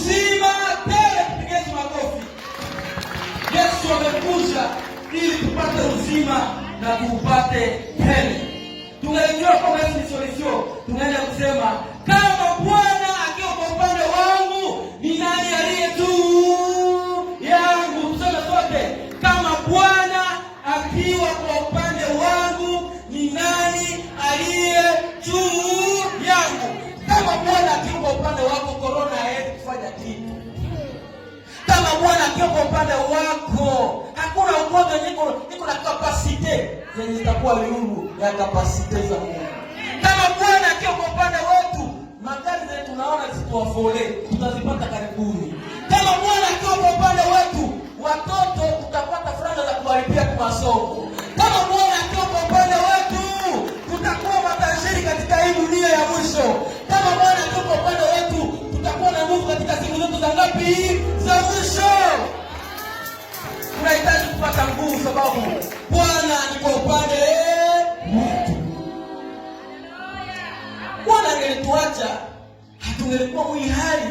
uzima tele, tupigeni makofi. Yesu amekuja ili tupate uzima na tuupate tele. Tunaingia kwa Yesu solution, tunaenda kusema akiwa kwa upande wako. Hakuna ugonjwa niko iko na kapasite zenye zitakuwa yulu ya kapasite za Mungu. Kama Bwana akiwa kwa upande wetu, magari zetu tunaona zituwafole, tutazipata karibuni. Kama Bwana akiwa kwa upande wetu, watoto tutapata fursa za kuwalipia kwa masomo kupata nguvu, sababu Bwana ni kwa upande wetu. Bwana angelituacha hatungelikuwa mwili hali,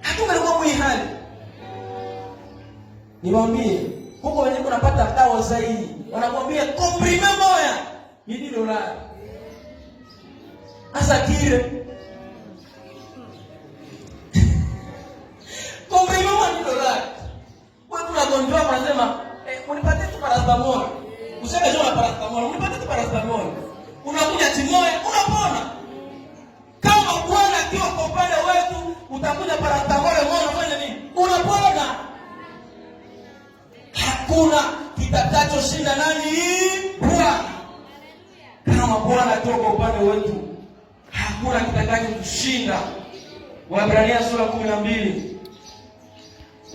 hatungelikuwa mwili hali. Niwaambie huko wenye kunapata dawa zaidi, wanakwambia komprime moya ni dilo la asa kile paracetamol. Useme leo na paracetamol. Unapata tu paracetamol. Unakuja timoe, unapona. Kama Bwana akiwa kwa upande wetu, utakuja paracetamol moyo unafanya nini? Unapona. Hakuna kitakacho shinda nani? Bwana. Kama Bwana akiwa kwa upande wetu, hakuna kitakacho kushinda. Waebrania sura 12.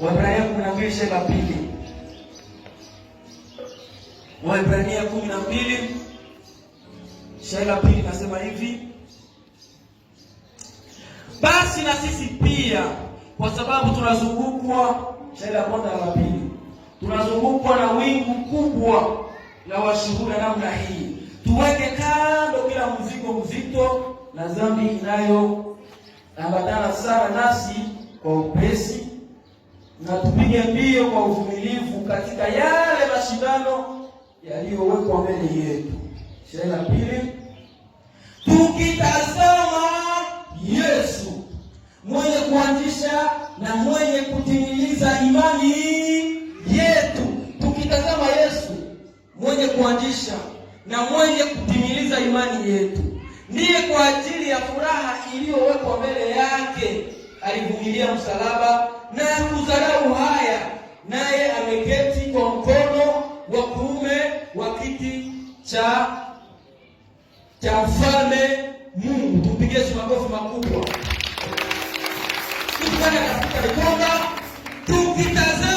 Waebrania 12 sura ya pili. Waebrania kumi na mbili shairi la pili nasema hivi: basi na sisi pia kwa sababu tunazungukwa, shairi la kwanza la pili, tunazungukwa na wingu kubwa la washuhuda namna hii, tuweke kando kila mzigo mzito na dhambi inayoambatana sana nasi kwa upesi, na tupige mbio kwa uvumilivu katika yale mashindano yaliyowekwa mbele yetu. Shairi ya pili, tukitazama Yesu mwenye kuanzisha na mwenye kutimiliza imani yetu. Tukitazama Yesu mwenye kuanzisha na mwenye kutimiliza imani yetu, ndiye kwa ajili ya furaha iliyowekwa mbele yake alivumilia msalaba na kudharau haya, naye cha cha mfalme Mungu. Tupigie makofi makubwa. Kitu gani tukitazama